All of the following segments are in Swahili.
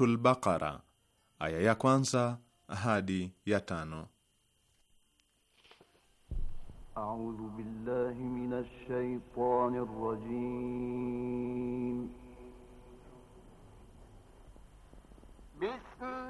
Suratul Baqara aya ya kwanza hadi ya tano. A'udhu billahi minash shaitanir rajim. Bismillah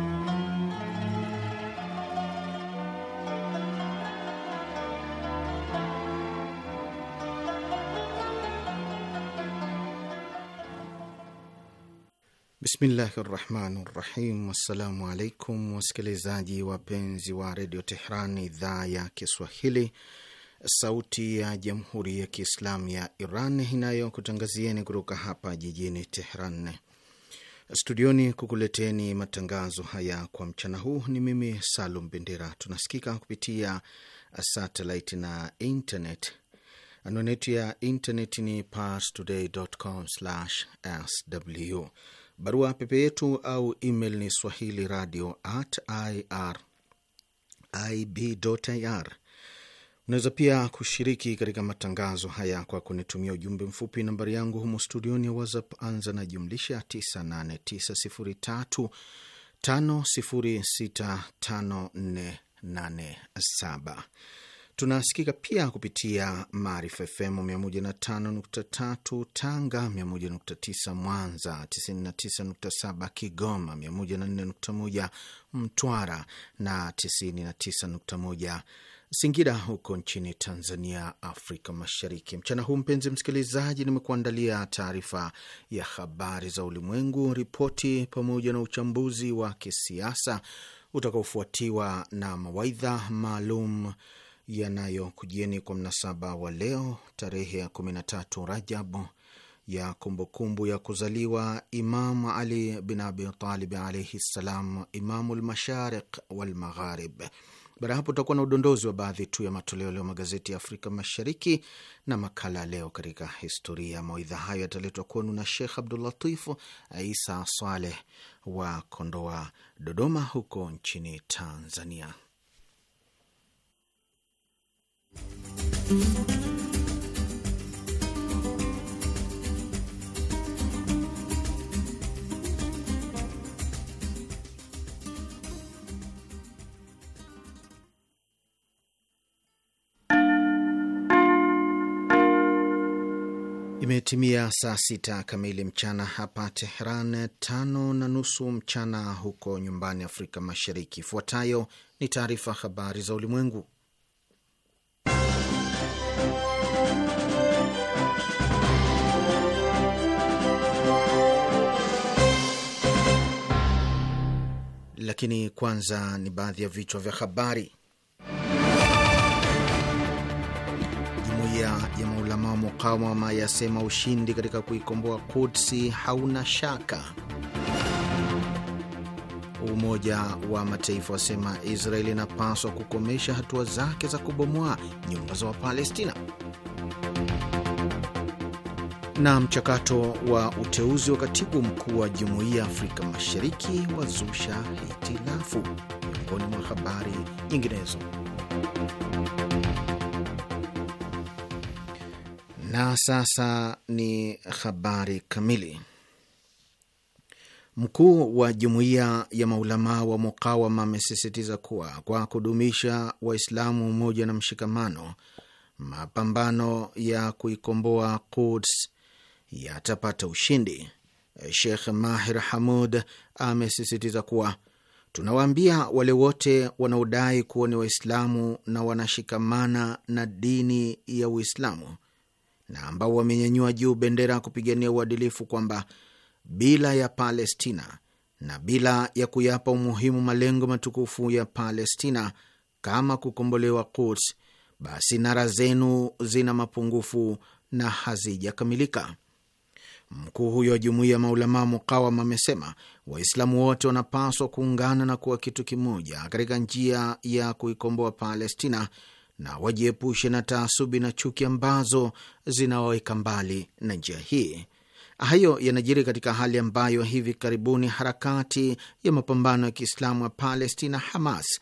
Bismillahi rahmani rahim. Wassalamu alaikum wasikilizaji wapenzi wa redio Tehran, idhaa ya Kiswahili, sauti ya jamhuri ya Kiislamu ya Iran inayokutangazieni kutoka hapa jijini Tehran studioni kukuleteni matangazo haya kwa mchana huu. Ni mimi Salum Bendera. Tunasikika kupitia satellite na internet. Anwani yetu ya internet ni parstoday.com/sw Barua pepe yetu au email ni swahili radio at irib.ir. Unaweza pia kushiriki katika matangazo haya kwa kunitumia ujumbe mfupi. Nambari yangu humo studioni ya WhatsApp anza na jumlisha 989035065487 Tunasikika pia kupitia Maarifa FM 105.3 Tanga, 101.9 Mwanza, 99.7 Kigoma, 104.1 Mtwara na 99.1 Singida huko nchini Tanzania, Afrika Mashariki. Mchana huu mpenzi msikilizaji, nimekuandalia taarifa ya habari za ulimwengu, ripoti pamoja na uchambuzi wa kisiasa utakaofuatiwa na mawaidha maalum yanayokujieni kwa mnasaba wa leo tarehe ya 13 Rajab ya kumbukumbu kumbu ya kuzaliwa Imam Ali bin Abi Talib alaihi ssalam, Imamu lmashariq walmagharib. Magharib. hapo tutakuwa na udondozi wa baadhi tu ya matoleo leo magazeti ya Afrika Mashariki na makala leo katika historia. Mawaidha hayo yataletwa kwenu na Shekh Abdulatif Isa Saleh wa Kondoa, Dodoma, huko nchini Tanzania. Imetimia saa sita kamili mchana hapa Tehran, tano na nusu mchana huko nyumbani Afrika Mashariki. Ifuatayo ni taarifa habari za ulimwengu lakini kwanza ni baadhi ya vichwa vya habari. Jumuiya ya maulama wa mukawama yasema ushindi katika kuikomboa Kudsi hauna shaka. Umoja wa Mataifa wasema Israeli inapaswa kukomesha hatua zake za kubomoa nyumba za Wapalestina na mchakato wa uteuzi wa katibu mkuu wa jumuiya ya Afrika Mashariki wazusha hitilafu, miongoni mwa habari nyinginezo. Na sasa ni habari kamili. Mkuu wa jumuiya ya maulamaa wa Mukawama amesisitiza kuwa kwa kudumisha Waislamu umoja na mshikamano, mapambano ya kuikomboa Quds yatapata ushindi. Sheikh Mahir Hamud amesisitiza kuwa tunawaambia wale wote wanaodai kuwa ni Waislamu na wanashikamana na dini ya Uislamu na ambao wamenyanyua juu bendera kupigania uadilifu kwamba bila ya Palestina na bila ya kuyapa umuhimu malengo matukufu ya Palestina kama kukombolewa Quds, basi nara zenu zina mapungufu na hazijakamilika. Mkuu huyo wa jumuiya ya maulamaa mukawama amesema Waislamu wote wanapaswa kuungana na kuwa kitu kimoja katika njia ya kuikomboa Palestina na wajiepushe na taasubi na chuki ambazo zinawaweka mbali na njia hii. Hayo yanajiri katika hali ambayo hivi karibuni harakati ya mapambano ya Kiislamu ya Palestina, Hamas,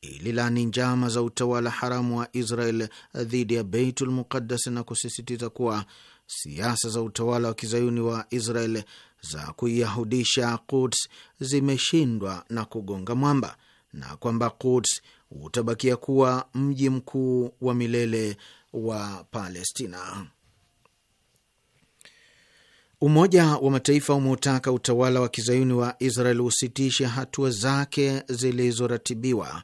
ililani njama za utawala haramu wa Israel dhidi ya Beitul Muqaddas na kusisitiza kuwa siasa za utawala wa kizayuni wa Israel za kuiyahudisha Quds zimeshindwa na kugonga mwamba na kwamba Quds utabakia kuwa mji mkuu wa milele wa Palestina. Umoja wa Mataifa umeutaka utawala wa kizayuni wa Israel usitishe hatua zake zilizoratibiwa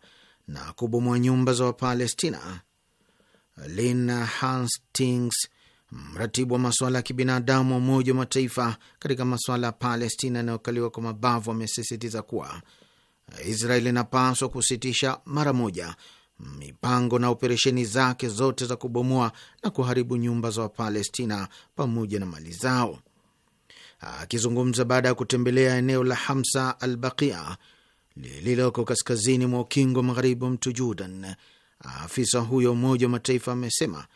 na kubomoa nyumba za Wapalestina. lin Hastings, mratibu wa masuala ya kibinadamu wa Umoja wa Mataifa katika masuala ya Palestina yanayokaliwa kwa mabavu amesisitiza kuwa Israeli inapaswa kusitisha mara moja mipango na operesheni zake zote za kubomoa na kuharibu nyumba za Wapalestina pamoja na mali zao. Akizungumza baada ya kutembelea eneo la Hamsa al baqia lililoko kaskazini mwa ukingo magharibi wa mto Jordan, afisa huyo Umoja wa Mataifa amesema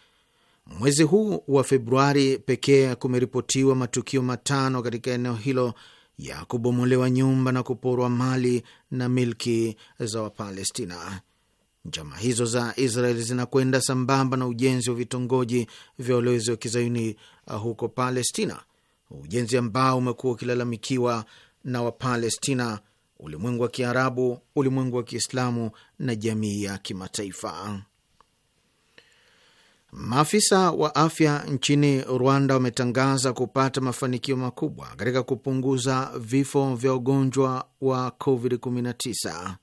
Mwezi huu wa Februari pekee kumeripotiwa matukio matano katika eneo hilo ya kubomolewa nyumba na kuporwa mali na milki za Wapalestina. Njama hizo za Israel zinakwenda sambamba na ujenzi wa vitongoji vya walowezi wa kizayuni uh, huko Palestina, ujenzi ambao umekuwa ukilalamikiwa na Wapalestina, ulimwengu wa Kiarabu, ulimwengu wa Kiislamu na jamii ya kimataifa. Maafisa wa afya nchini Rwanda wametangaza kupata mafanikio makubwa katika kupunguza vifo vya ugonjwa wa COVID-19.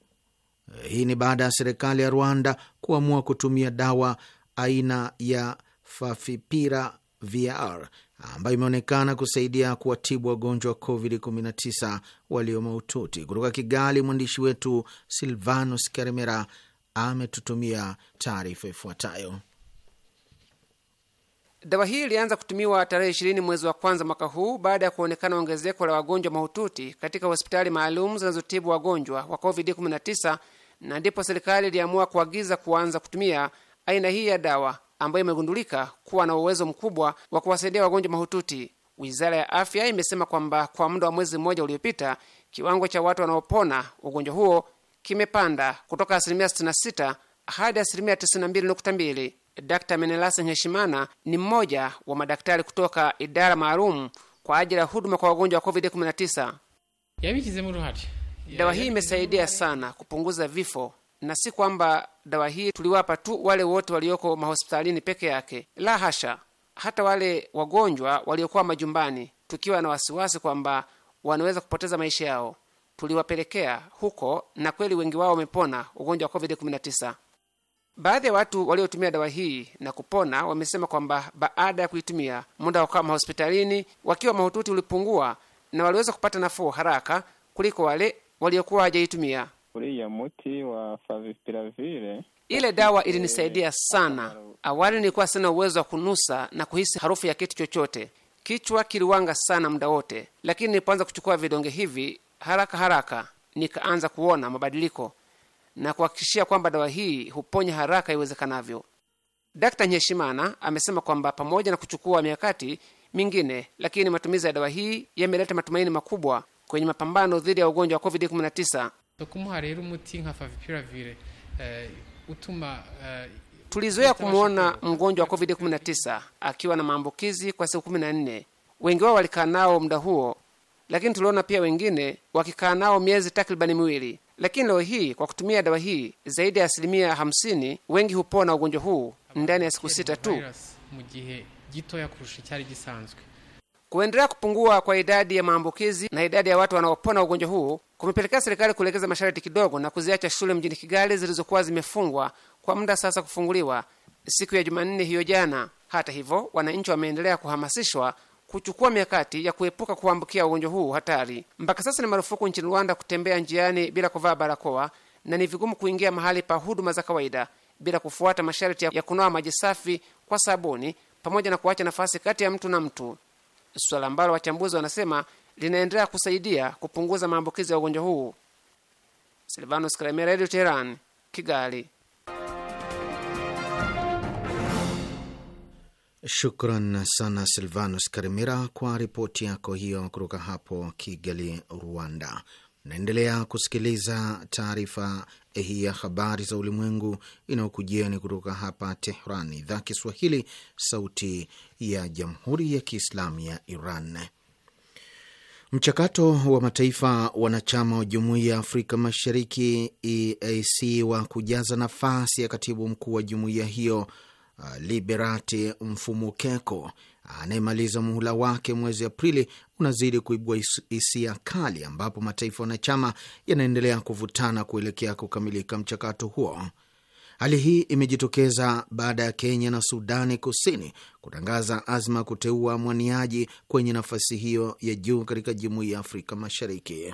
Hii ni baada ya serikali ya Rwanda kuamua kutumia dawa aina ya fafipira vr ambayo imeonekana kusaidia kuwatibu wagonjwa wa COVID-19 walio mahututi. Kutoka Kigali, mwandishi wetu Silvanus Karimera ametutumia taarifa ifuatayo. Dawa hii ilianza kutumiwa tarehe ishirini mwezi wa kwanza mwaka huu baada ya kuonekana ongezeko la wagonjwa mahututi katika hospitali maalum zinazotibu wagonjwa wa COVID-19 na ndipo serikali iliamua kuagiza kuanza kutumia aina hii ya dawa ambayo imegundulika kuwa na uwezo mkubwa wa kuwasaidia wagonjwa mahututi. Wizara ya afya imesema kwamba kwa muda wa mwezi mmoja uliopita, kiwango cha watu wanaopona ugonjwa huo kimepanda kutoka asilimia 66 hadi asilimia 92.2. Dr menelas Nheshimana ni mmoja wa madaktari kutoka idara maalum kwa ajili ya huduma kwa wagonjwa wa COVID-19. Dawa hii imesaidia sana kupunguza vifo, na si kwamba dawa hii tuliwapa tu wale wote walioko mahospitalini peke yake, la hasha, hata wale wagonjwa waliokuwa majumbani, tukiwa na wasiwasi kwamba wanaweza kupoteza maisha yao, tuliwapelekea huko, na kweli wengi wao wamepona ugonjwa wa COVID-19. Baadhi ya watu waliotumia dawa hii na kupona wamesema kwamba baada ya kuitumia muda wa kama hospitalini wakiwa mahututi ulipungua na waliweza kupata nafuu haraka kuliko wale waliokuwa hawajaitumia. Ile dawa ilinisaidia sana. Awali nilikuwa sina uwezo wa kunusa na kuhisi harufu ya kitu chochote, kichwa kiliwanga sana muda wote, lakini nilipoanza kuchukua vidonge hivi haraka haraka nikaanza kuona mabadiliko na kuhakikishia kwamba dawa hii huponya haraka iwezekanavyo. Dkt. Nyeshimana amesema kwamba pamoja na kuchukua mikakati mingine, lakini matumizi ya dawa hii yameleta matumaini makubwa kwenye mapambano dhidi ya ugonjwa wa COVID-19. Eh, eh, Tulizoea kumwona mgonjwa wa COVID-19 akiwa na maambukizi kwa siku 14. Wengi wao walikaa nao muda huo, lakini tuliona pia wengine wakikaa nao miezi takribani miwili. Lakini leo hii kwa kutumia dawa hii zaidi ya asilimia 50 wengi hupona ugonjwa huu ndani ya siku sita tu. Kuendelea kupungua kwa idadi ya maambukizi na idadi ya watu wanaopona ugonjwa huu kumepelekea serikali kulegeza masharti kidogo na kuziacha shule mjini Kigali zilizokuwa zimefungwa kwa muda sasa kufunguliwa siku ya Jumanne hiyo jana. Hata hivyo, wananchi wameendelea kuhamasishwa kuchukua mikakati ya kuepuka kuambukia ugonjwa huu hatari. Mpaka sasa ni marufuku nchini Rwanda kutembea njiani bila kuvaa barakoa na ni vigumu kuingia mahali pa huduma za kawaida bila kufuata masharti ya kunawa maji safi kwa sabuni pamoja na kuacha nafasi kati ya mtu na mtu, swala ambalo wachambuzi wanasema linaendelea kusaidia kupunguza maambukizi ya ugonjwa huu. Silvanos Kalemera, Teheran, Kigali. Shukran sana Silvanus Karimira kwa ripoti yako hiyo kutoka hapo Kigali, Rwanda. Naendelea kusikiliza taarifa hii ya habari za ulimwengu inayokujieni kutoka hapa Tehran, idhaa Kiswahili, sauti ya jamhuri ya kiislamu ya Iran. Mchakato wa mataifa wanachama wa jumuiya ya Afrika Mashariki EAC wa kujaza nafasi ya katibu mkuu wa jumuiya hiyo Ah, Liberati Mfumukeko anayemaliza muhula wake mwezi Aprili unazidi kuibua hisia kali, ambapo mataifa wanachama yanaendelea kuvutana kuelekea kukamilika mchakato huo. Hali hii imejitokeza baada ya Kenya na Sudani Kusini kutangaza azma ya kuteua mwaniaji kwenye nafasi hiyo ya juu katika Jumuiya ya Afrika Mashariki.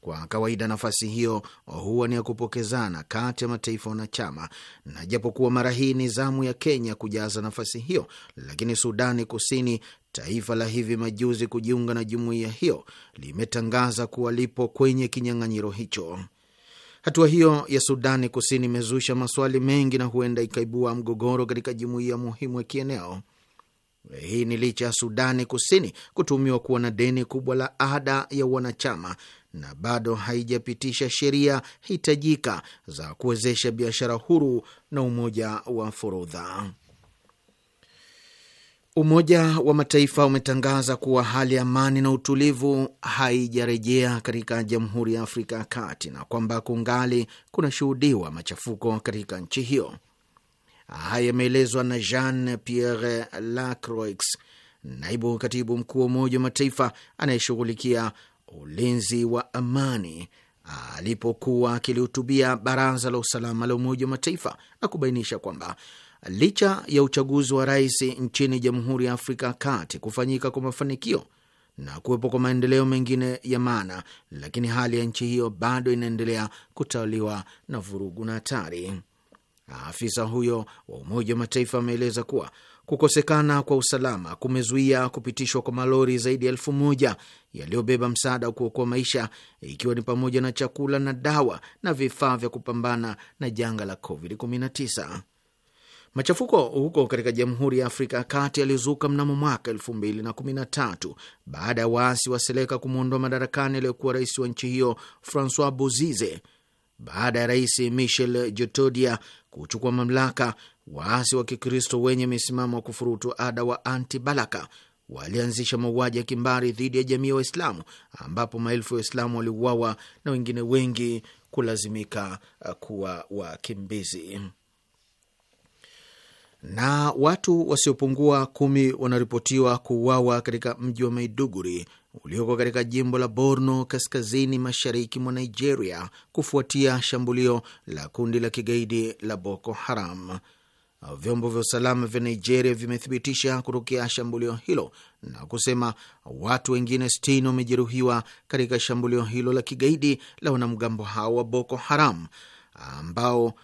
Kwa kawaida nafasi hiyo huwa ni ya kupokezana kati ya mataifa wanachama, na japokuwa mara hii ni zamu ya Kenya kujaza nafasi hiyo, lakini Sudani Kusini, taifa la hivi majuzi kujiunga na jumuiya hiyo, limetangaza kuwa lipo kwenye kinyang'anyiro hicho. Hatua hiyo ya Sudani Kusini imezusha maswali mengi na huenda ikaibua mgogoro katika jumuiya muhimu ya kieneo. Hii ni licha ya Sudani Kusini kutumiwa kuwa na deni kubwa la ada ya wanachama na bado haijapitisha sheria hitajika za kuwezesha biashara huru na umoja wa forodha. Umoja wa Mataifa umetangaza kuwa hali ya amani na utulivu haijarejea katika Jamhuri ya Afrika ya Kati na kwamba kungali kunashuhudiwa machafuko katika nchi hiyo. Haya yameelezwa na Jean Pierre Lacroix, naibu katibu mkuu wa Umoja wa Mataifa anayeshughulikia ulinzi wa amani alipokuwa akilihutubia Baraza la Usalama la Umoja wa Mataifa na kubainisha kwamba licha ya uchaguzi wa rais nchini Jamhuri ya Afrika ya Kati kufanyika kwa mafanikio na kuwepo kwa maendeleo mengine ya maana, lakini hali ya nchi hiyo bado inaendelea kutawaliwa na vurugu na hatari. Afisa huyo wa Umoja wa Mataifa ameeleza kuwa kukosekana kwa usalama kumezuia kupitishwa kwa malori zaidi ya elfu moja yaliyobeba msaada wa kuokoa maisha ikiwa ni pamoja na chakula na dawa na vifaa vya kupambana na janga la COVID-19. Machafuko huko katika Jamhuri ya Afrika ya Kati yalizuka mnamo mwaka elfu mbili na kumi na tatu baada ya waasi wa Seleka kumwondoa madarakani aliyokuwa rais wa nchi hiyo Francois Bozize baada ya rais Michel Jotodia kuchukua mamlaka, waasi wa Kikristo wenye misimamo wa kufurutu ada wa Anti Balaka walianzisha mauaji ya kimbari dhidi ya jamii ya Waislamu, ambapo maelfu ya Waislamu waliuawa na wengine wengi kulazimika uh, kuwa wakimbizi. Na watu wasiopungua kumi wanaripotiwa kuuawa katika mji wa Maiduguri ulioko katika jimbo la Borno kaskazini mashariki mwa Nigeria kufuatia shambulio la kundi la kigaidi la Boko Haram. Vyombo vya usalama vya Nigeria vimethibitisha kutokea shambulio hilo na kusema watu wengine sitini wamejeruhiwa katika shambulio hilo la kigaidi la wanamgambo hao wa Boko Haram ambao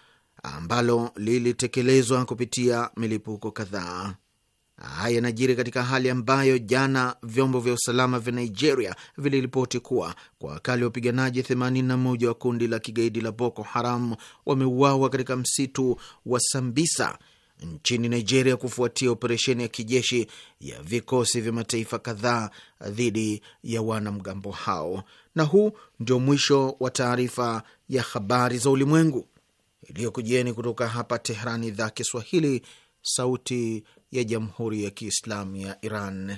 ambalo lilitekelezwa kupitia milipuko kadhaa. Haya yanajiri katika hali ambayo jana vyombo vya usalama vya Nigeria viliripoti kuwa kwa wakali wapiganaji 81 wa kundi la kigaidi la Boko Haram wameuawa katika msitu wa Sambisa nchini Nigeria kufuatia operesheni ya kijeshi ya vikosi vya mataifa kadhaa dhidi ya wanamgambo hao. Na huu ndio mwisho wa taarifa ya habari za ulimwengu iliyokujieni kutoka hapa Tehrani, idhaa Kiswahili, sauti ya Jamhuri ya Kiislamu ya Iran.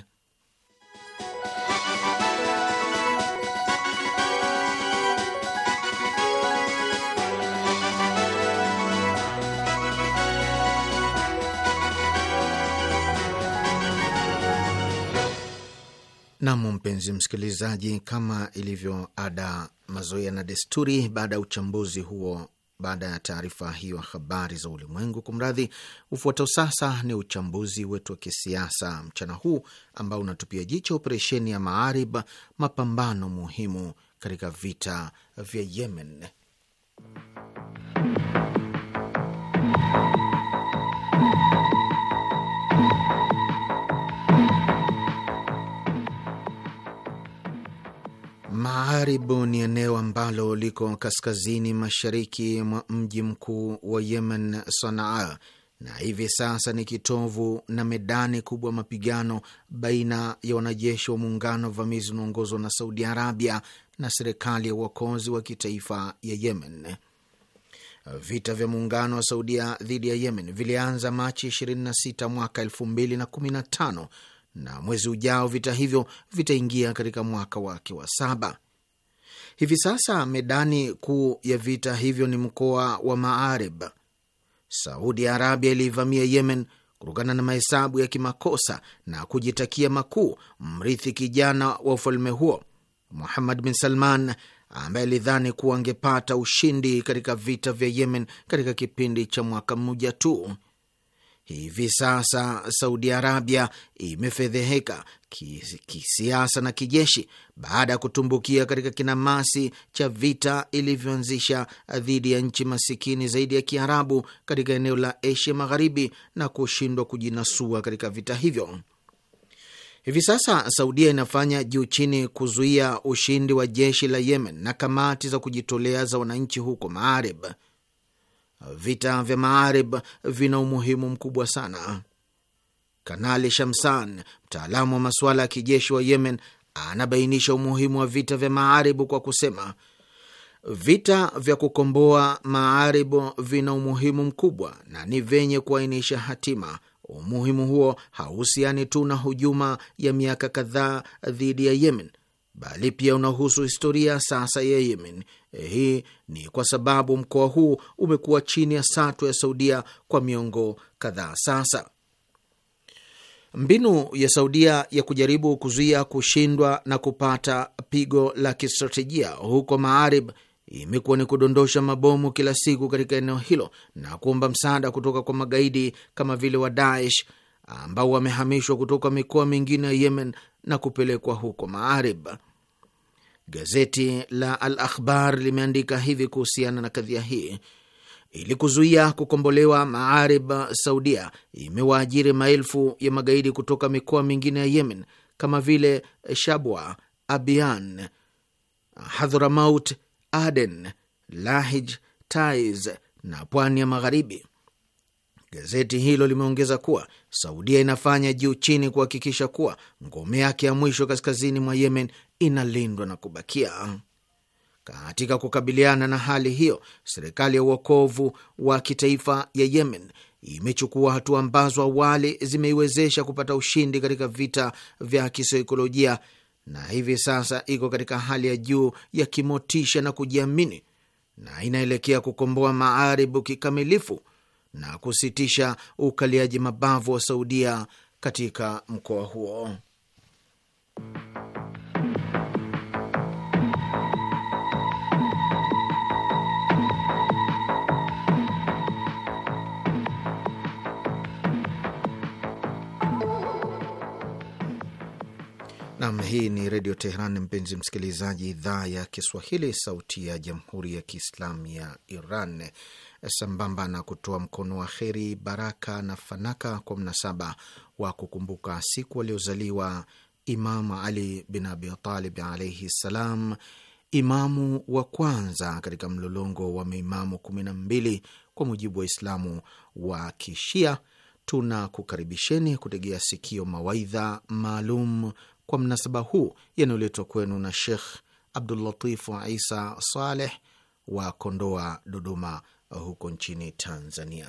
Nam, mpenzi msikilizaji, kama ilivyo ada, mazoea na desturi, baada ya uchambuzi huo baada ya taarifa hiyo ya habari za ulimwengu. Kumradhi, ufuatao sasa ni uchambuzi wetu wa kisiasa mchana huu ambao unatupia jicho operesheni ya Maarib, mapambano muhimu katika vita vya Yemen. Maaribu ni eneo ambalo liko kaskazini mashariki mwa mji mkuu wa Yemen, Sanaa, na hivi sasa ni kitovu na medani kubwa mapigano baina ya wanajeshi wa muungano wa vamizi unaongozwa na Saudi Arabia na serikali ya uokozi wa kitaifa ya Yemen. Vita vya muungano wa Saudia dhidi ya Yemen vilianza Machi 26 mwaka 2015 na mwezi ujao vita hivyo vitaingia katika mwaka wake wa saba. Hivi sasa medani kuu ya vita hivyo ni mkoa wa Maarib. Saudi Arabia iliivamia Yemen kutokana na mahesabu ya kimakosa na kujitakia makuu, mrithi kijana wa ufalme huo Muhammad bin Salman ambaye alidhani kuwa angepata ushindi katika vita vya Yemen katika kipindi cha mwaka mmoja tu. Hivi sasa Saudi Arabia imefedheheka kisiasa na kijeshi baada ya kutumbukia katika kinamasi cha vita ilivyoanzisha dhidi ya nchi masikini zaidi ya Kiarabu katika eneo la Asia Magharibi na kushindwa kujinasua katika vita hivyo. Hivi sasa Saudia inafanya juu chini kuzuia ushindi wa jeshi la Yemen na kamati za kujitolea za wananchi huko Maarib vita vya Maarib vina umuhimu mkubwa sana. Kanali Shamsan, mtaalamu wa masuala ya kijeshi wa Yemen, anabainisha umuhimu wa vita vya Maaribu kwa kusema vita vya kukomboa Maaribu vina umuhimu mkubwa na ni vyenye kuainisha hatima. Umuhimu huo hauhusiani tu na hujuma ya miaka kadhaa dhidi ya Yemen bali pia unahusu historia sasa ya Yemen. Eh, hii ni kwa sababu mkoa huu umekuwa chini ya satwa ya Saudia kwa miongo kadhaa sasa. Mbinu ya Saudia ya kujaribu kuzuia kushindwa na kupata pigo la kistratejia huko Maarib imekuwa ni kudondosha mabomu kila siku katika eneo hilo na kuomba msaada kutoka kwa magaidi kama vile wa Daesh ambao wamehamishwa kutoka mikoa mingine ya Yemen na kupelekwa huko Maarib. Gazeti la Al Akhbar limeandika hivi kuhusiana na kadhia hii: ili kuzuia kukombolewa Maarib, Saudia imewaajiri maelfu ya magaidi kutoka mikoa mingine ya Yemen kama vile Shabwa, Abian, Hadhramaut, Aden, Lahij, Taiz na pwani ya Magharibi. Gazeti hilo limeongeza kuwa Saudia inafanya juu chini kuhakikisha kuwa ngome yake ya mwisho kaskazini mwa Yemen inalindwa na kubakia. Katika kukabiliana na hali hiyo, serikali ya uokovu wa kitaifa ya Yemen imechukua hatua ambazo awali zimeiwezesha kupata ushindi katika vita vya kisaikolojia na hivi sasa iko katika hali ya juu ya kimotisha na kujiamini na inaelekea kukomboa Maaribu kikamilifu na kusitisha ukaliaji mabavu wa Saudia katika mkoa huo. Nam, hii ni Redio Teheran, mpenzi msikilizaji, idhaa ya Kiswahili, sauti ya Jamhuri ya Kiislamu ya Iran sambamba na kutoa mkono wa kheri, baraka na fanaka kwa mnasaba wa kukumbuka siku aliozaliwa Imam Ali bin Abi Talib alaihi ssalam, imamu wa kwanza katika mlolongo wa maimamu kumi na mbili kwa mujibu wa Islamu wa Kishia. Tunakukaribisheni kutegea sikio mawaidha maalum kwa mnasaba huu yanayoletwa kwenu na Shekh Abdulatifu Isa Saleh wa Kondoa, Dodoma, huko nchini Tanzania.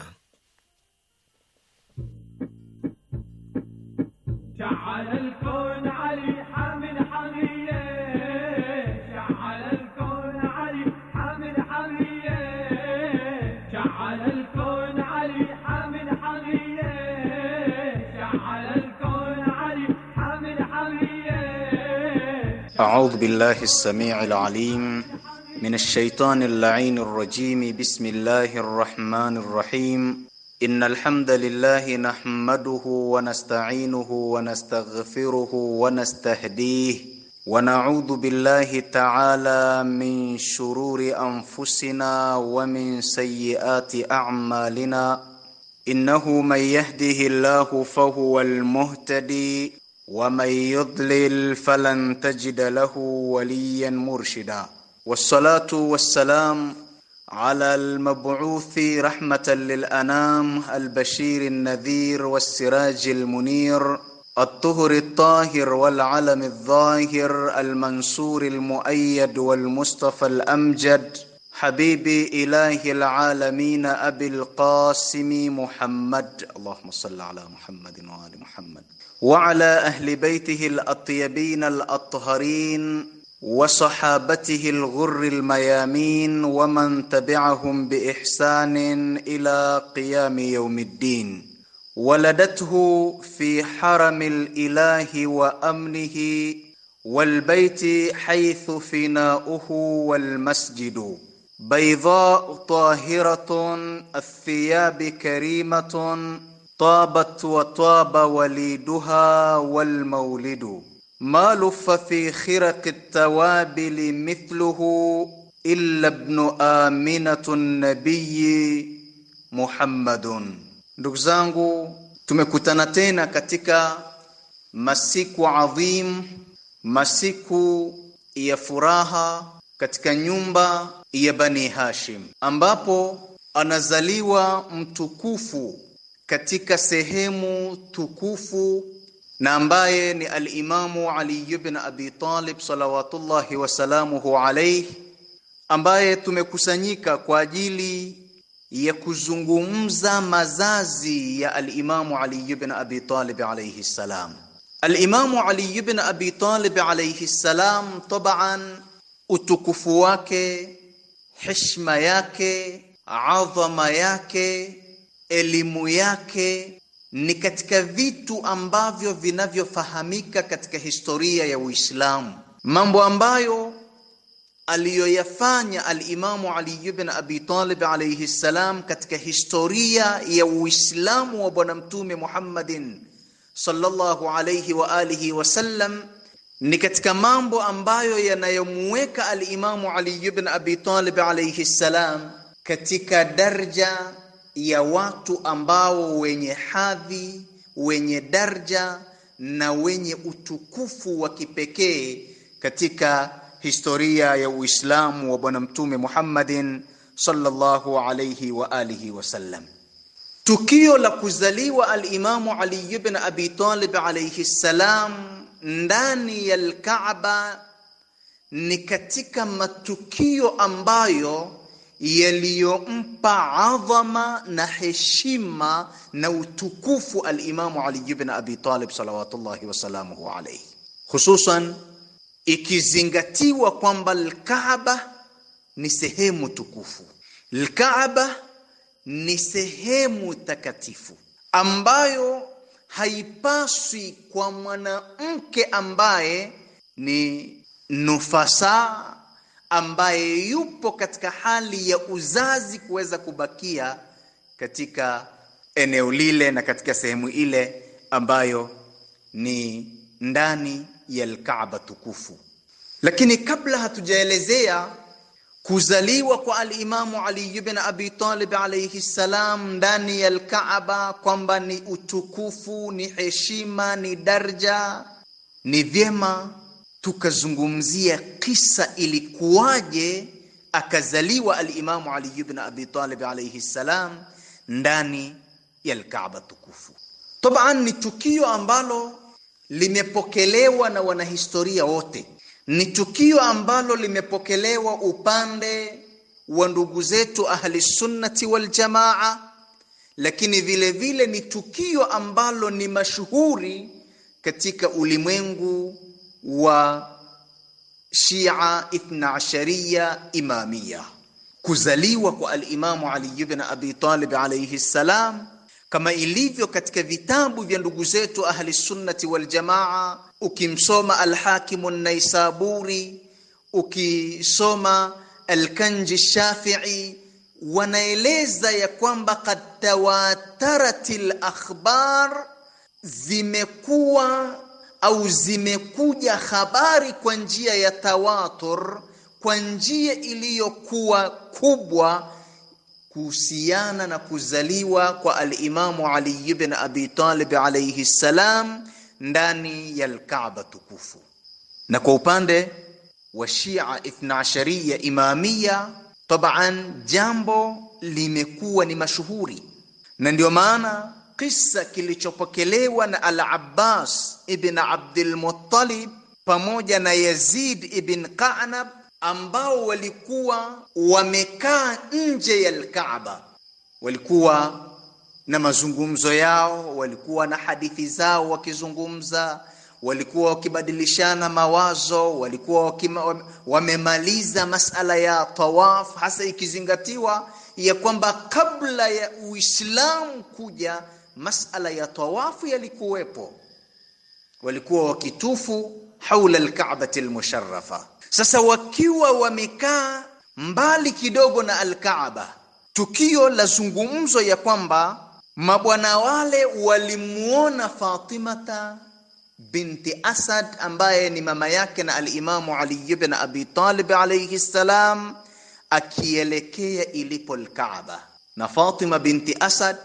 Audhu billahi samiil alim من الشيطان اللعين الرجيم بسم الله الرحمن الرحيم إن الحمد لله نحمده ونستعينه ونستغفره ونستهديه ونعوذ بالله تعالى من شرور أنفسنا ومن سيئات أعمالنا إنه من يهده الله فهو المهتدي ومن يضلل فلن تجد له وليا مرشدا والصلاة والسلام على المبعوث رحمة للأنام البشير النذير والسراج المنير الطهر الطاهر والعلم الظاهر المنصور المؤيد والمصطفى الأمجد حبيبي إله العالمين أبي القاسم محمد اللهم صل على محمد وآل محمد وعلى أهل بيته الأطيبين الأطهرين وصحابته الغر الميامين ومن تبعهم باحسان الى قيام يوم الدين ولدته في حرم الاله وامنه والبيت حيث فناؤه والمسجد بيضاء طاهره الثياب كريمه طابت وطاب وليدها والمولد ma lufa fi khiraqi tawabili mithluhu illa bnu aminatu nabiyi Muhammadun. Ndugu zangu, tumekutana tena katika masiku adhim, masiku ya furaha katika nyumba ya Bani Hashim ambapo anazaliwa mtukufu katika sehemu tukufu na ambaye ni alimamu Ali ibn Abi Talib salawatullahi wasalamuhu alayhi, ambaye tumekusanyika kwa ajili ya kuzungumza mazazi ya alimamu Ali ibn Abi Talib alayhi salam. Alimamu Ali ibn Abi Talib alayhi salam, taban utukufu wake, heshima yake, adhama yake, elimu yake ni katika vitu ambavyo vinavyofahamika katika historia ya Uislamu, mambo ambayo aliyoyafanya al-Imamu Ali ibn Abi Talib alayhi salam katika historia ya Uislamu wa Bwana Mtume Muhammadin sallallahu alayhi wa alihi wasallam ni katika mambo ambayo yanayomuweka al-Imamu Ali ibn Abi Talib alayhi salam katika darja ya watu ambao wenye hadhi, wenye darja na wenye utukufu wa kipekee katika historia ya Uislamu wa Bwana Mtume Muhammadin sallallahu alayhi wa alihi sallam. Tukio la kuzaliwa al-Imamu Ali ibn Abi Talib alayhi salam ndani ya al-Kaaba ni katika matukio ambayo yaliyompa adhama na heshima na utukufu alimamu Ali ibn Abi Talib salawatullahi wasalamuhu alaihi, hususan ikizingatiwa kwamba lkaba ni sehemu tukufu, Alkaaba ni sehemu takatifu ambayo haipaswi kwa mwanamke ambaye ni nufasa ambaye yupo katika hali ya uzazi kuweza kubakia katika eneo lile na katika sehemu ile ambayo ni ndani ya Alkaaba tukufu. Lakini kabla hatujaelezea kuzaliwa kwa alimamu Ali ibn Abi Talib alayhi salam ndani ya Alkaaba, kwamba ni utukufu, ni heshima, ni darja, ni vyema tukazungumzia kisa ilikuwaje akazaliwa alimamu Ali ibn Abi Talib alayhi salam ndani ya Kaaba tukufu. Tabaan ni tukio ambalo limepokelewa na wanahistoria wote, ni tukio ambalo limepokelewa upande wa ndugu zetu ahli sunnati wal jamaa, lakini vile vile ni tukio ambalo ni mashuhuri katika ulimwengu wa Shia Ithna Ashariya Imamia. Kuzaliwa kwa alimamu Ali ibn Abi Talib alayhi salam, kama ilivyo katika vitabu vya ndugu zetu ahli sunnati wal jamaa, ukimsoma Alhakimu Naisaburi, ukisoma Alkanji Shafii, wanaeleza ya kwamba kad tawatarat akhbar, zimekuwa au zimekuja habari kwa njia ya tawatur, kwa njia iliyokuwa kubwa kuhusiana na kuzaliwa kwa alimamu Ali ibn Abi Talib alayhi salam ndani ya Kaaba tukufu. Na kwa upande wa Shia Ithnaashariya Imamia, taban jambo limekuwa ni mashuhuri, na ndio maana kisa kilichopokelewa na Al-Abbas ibn Abdul Muttalib pamoja na Yazid ibn Qanab ambao walikuwa wamekaa nje ya Al-Kaaba, walikuwa na mazungumzo yao, walikuwa na hadithi zao wakizungumza, walikuwa wakibadilishana mawazo, walikuwa wakima, wamemaliza masala ya tawaf, hasa ikizingatiwa ya kwamba kabla ya Uislamu kuja masala ya tawafu yalikuwepo, walikuwa wakitufu haula alkaabati almusharrafa. Sasa wakiwa wamekaa mbali kidogo na Alkaaba, tukio la zungumzo ya kwamba mabwana wale walimuona Fatimata binti Asad ambaye ni mama yake na alimamu Ali ibn Abi Talib alayhi salam akielekea ilipo Alkaaba, na Fatima binti Asad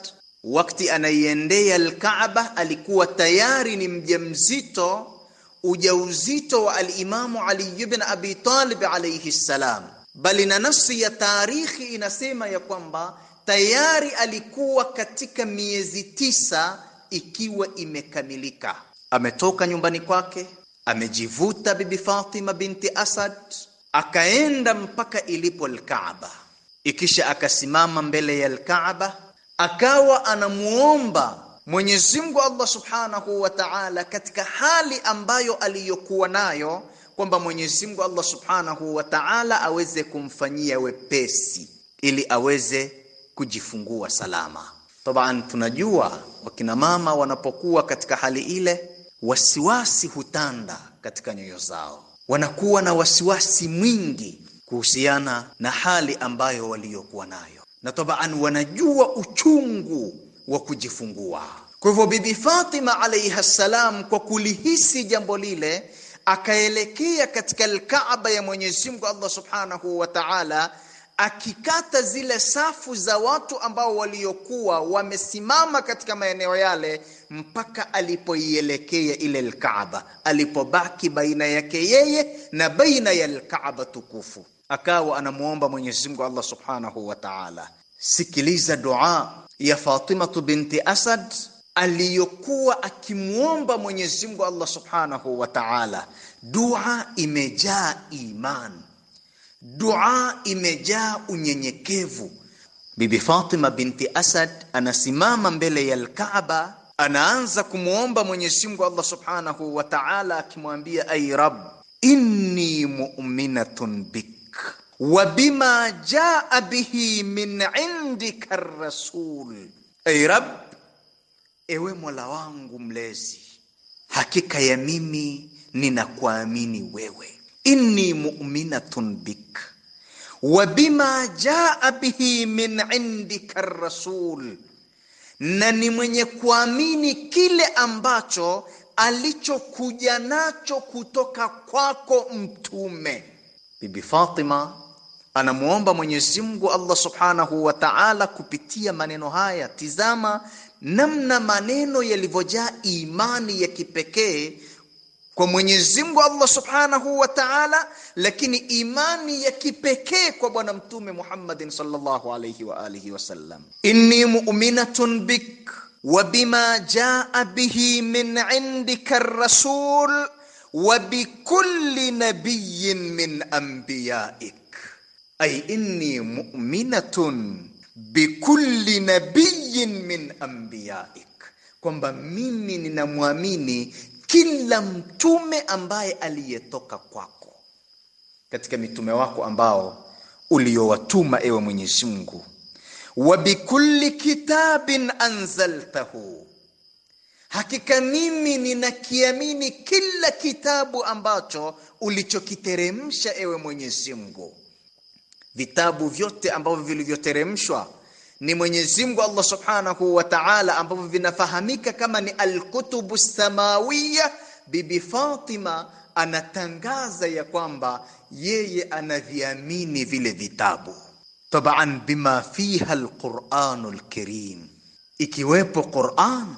wakati anaiendea Alkaaba alikuwa tayari ni mjamzito, ujauzito wa Alimamu Ali ibn Abi Talib alayhi salam, bali na nafsi ya tarikhi inasema ya kwamba tayari alikuwa katika miezi tisa ikiwa imekamilika. Ametoka nyumbani kwake, amejivuta Bibi Fatima binti Asad, akaenda mpaka ilipo Alkaaba, ikisha akasimama mbele ya Alkaaba akawa anamuomba Mwenyezi Mungu Allah Subhanahu wa Ta'ala katika hali ambayo aliyokuwa nayo kwamba Mwenyezi Mungu Allah Subhanahu wa Ta'ala aweze kumfanyia wepesi ili aweze kujifungua salama. Taban, tunajua wakina mama wanapokuwa katika hali ile, wasiwasi hutanda katika nyoyo zao, wanakuwa na wasiwasi mwingi kuhusiana na hali ambayo waliyokuwa nayo na tabaan wanajua uchungu wa kujifungua. Kwa hivyo, Bibi Fatima alayha salam kwa kulihisi jambo lile akaelekea katika Alkaaba ya Mwenyezi Mungu Allah Subhanahu wa Ta'ala, akikata zile safu za watu ambao waliokuwa wamesimama katika maeneo yale mpaka alipoielekea ile Alkaaba, alipobaki baina yake yeye na baina ya Alkaaba tukufu akawa anamwomba Mwenyezi Mungu Allah Subhanahu wa Ta'ala. Sikiliza dua ya Fatimatu binti Asad aliyokuwa akimwomba Mwenyezi Mungu Allah Subhanahu wa Ta'ala. Dua imejaa iman, dua imejaa unyenyekevu. Bibi Fatima binti Asad anasimama mbele ya Al-Kaaba, anaanza kumwomba Mwenyezi Mungu Allah Subhanahu wa Ta'ala, akimwambia ay rab inni mu'minatun bik wa bima jaa bihi min indika rasul. ay Rab, ewe Mola wangu mlezi, hakika ya mimi ninakuamini wewe, inni mu'minatun bik wa bima jaa bihi min indika rasul, na ni mwenye kuamini kile ambacho alichokuja nacho kutoka kwako mtume Bibi Fatima anamwomba Mwenyezi Mungu Allah Subhanahu wa Ta'ala kupitia maneno haya. Tizama namna maneno yalivyojaa imani ya kipekee kwa Mwenyezi Mungu Allah Subhanahu wa Ta'ala, lakini imani ya kipekee kwa Bwana Mtume Muhammadin sallallahu alayhi wa alihi wasallam, inni mu'minatun bik wa bima jaa bihi min indika rasul wa bikulli nabiyyin min anbiyaik ay inni mu'minatun bikulli nabiyyin min anbiyaik, kwamba mimi ninamwamini kila mtume ambaye aliyetoka kwako katika mitume wako ambao uliowatuma ewe Mwenyezi Mungu, wa bikulli kitabin anzaltahu Hakika mimi ninakiamini kila kitabu ambacho ulichokiteremsha ewe Mwenyezi Mungu. Vitabu vyote ambavyo vilivyoteremshwa ni Mwenyezi Mungu Allah Subhanahu wa Ta'ala, ambavyo vinafahamika kama ni alkutubu samawiya. Bibi Fatima anatangaza ya kwamba yeye anaviamini vile vitabu, tabaan bima fiha alquranul karim, ikiwepo Quran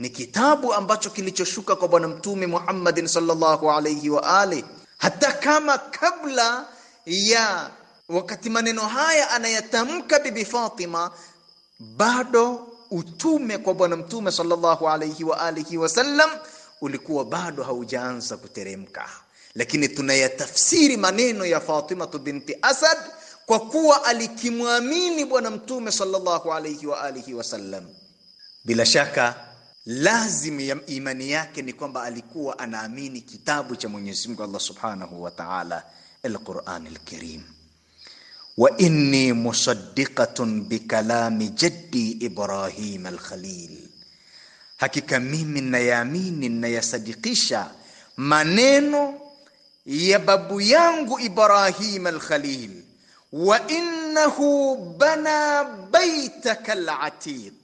ni kitabu ambacho kilichoshuka kwa Bwana Mtume Muhammadin sallallahu alayhi wa ali, hata kama kabla ya wakati maneno haya anayatamka Bibi Fatima, bado utume kwa Bwana Mtume sallallahu alayhi wa alihi wasallam ulikuwa bado haujaanza kuteremka, lakini tunayatafsiri maneno ya Fatima binti Asad kwa kuwa alikimwamini Bwana Mtume sallallahu alayhi wa alihi wasallam. Bila shaka lazima ya imani yake ni kwamba alikuwa anaamini kitabu cha Mwenyezi Mungu Allah Subhanahu wa Ta'ala, al-Qur'an al-Karim. Wa inni musaddiqatun bikalami jaddi Ibrahim al-Khalil, hakika mimi nayaamini nayasadikisha maneno ya babu yangu Ibrahim al-Khalil, wa innahu bana baitaka al-atiq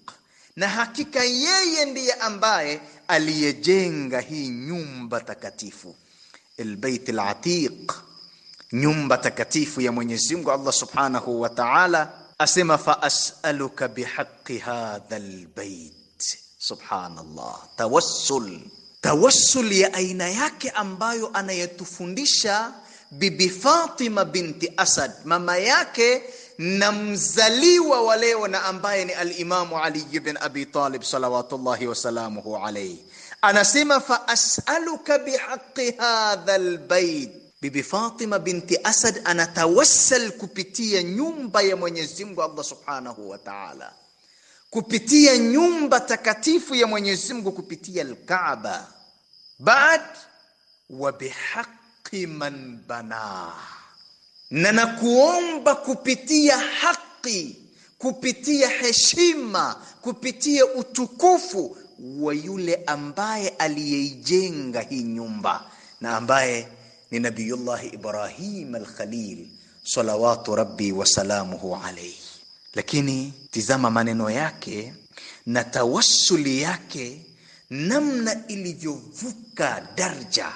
na hakika yeye ndiye ambaye aliyejenga hii nyumba takatifu albayt alatiq, nyumba takatifu ya Mwenyezi Mungu Allah Subhanahu wa Ta'ala. Asema fa as'aluka bihaqqi hadha albayt. Subhanallah, tawassul, tawassul ya aina yake ambayo anayetufundisha Bibi Fatima binti Asad, mama yake na mzaliwa wa leo na ambaye ni alimamu Ali ibn Abi Talib salawatullahi wasalamuhu alaihi, anasema fa asaluka bihaqi hadha albayt. Bibi Fatima binti Asad anatawassal kupitia nyumba ya Mwenyezi Mungu Allah subhanahu wa ta'ala, kupitia nyumba takatifu ya Mwenyezi Mungu, kupitia al-Kaaba, bad wa bihaqi man banaa na nakuomba kupitia haki, kupitia heshima, kupitia utukufu wa yule ambaye aliyeijenga hii nyumba na ambaye ni Nabiyullahi Ibrahim al-Khalil salawatu rabbi salamuhu alayhi. Lakini tizama maneno yake na tawassuli yake, namna ilivyovuka darja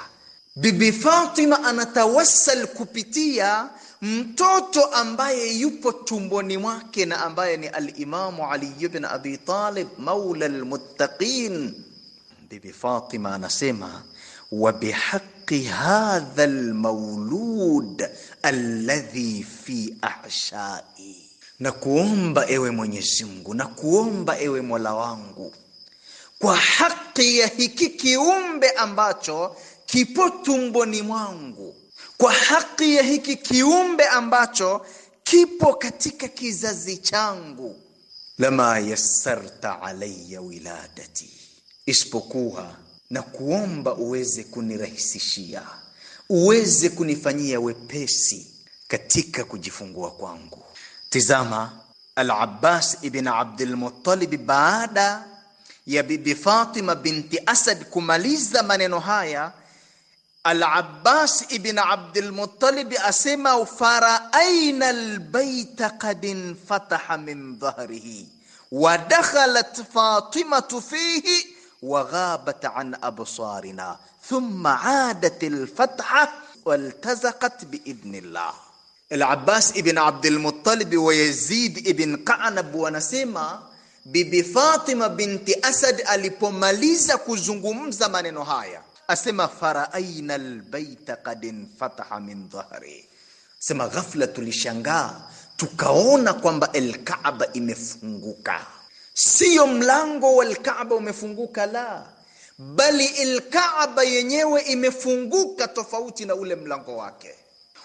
Bibi Fatima anatawassal kupitia mtoto ambaye yupo tumboni mwake na ambaye ni al-Imamu Ali ibn Abi Talib maula al-muttaqin. Bibi Fatima anasema wa bihaqqi hadha al-mawlud alladhi fi ahshai, na kuomba ewe Mwenyezi Mungu, na kuomba ewe Mola wangu, kwa haki ya hiki kiumbe ambacho kipo tumboni mwangu kwa haki ya hiki kiumbe ambacho kipo katika kizazi changu, lama yassarta alayya wiladati, isipokuwa na kuomba uweze kunirahisishia, uweze kunifanyia wepesi katika kujifungua kwangu. Tizama Al-Abbas ibn Abdul Muttalib baada ya bibi Fatima binti Asad kumaliza maneno haya العباس ابن عبد المطلب أسمى فرأينا البيت قد انفتح من ظهره ودخلت فاطمة فيه وغابت عن أبصارنا ثم عادت الفتحة والتزقت بإذن الله العباس ابن عبد المطلب ويزيد ابن قعنب ونسيما ببي بنت أسد ألي بوماليزا كزنغمزا من نهاية asema faraaina albaita qad infataha min dhahri, asema ghafla tulishangaa tukaona kwamba Alkaaba imefunguka. Siyo mlango wa Alkaaba umefunguka, la bali Alkaaba yenyewe imefunguka tofauti na ule mlango wake.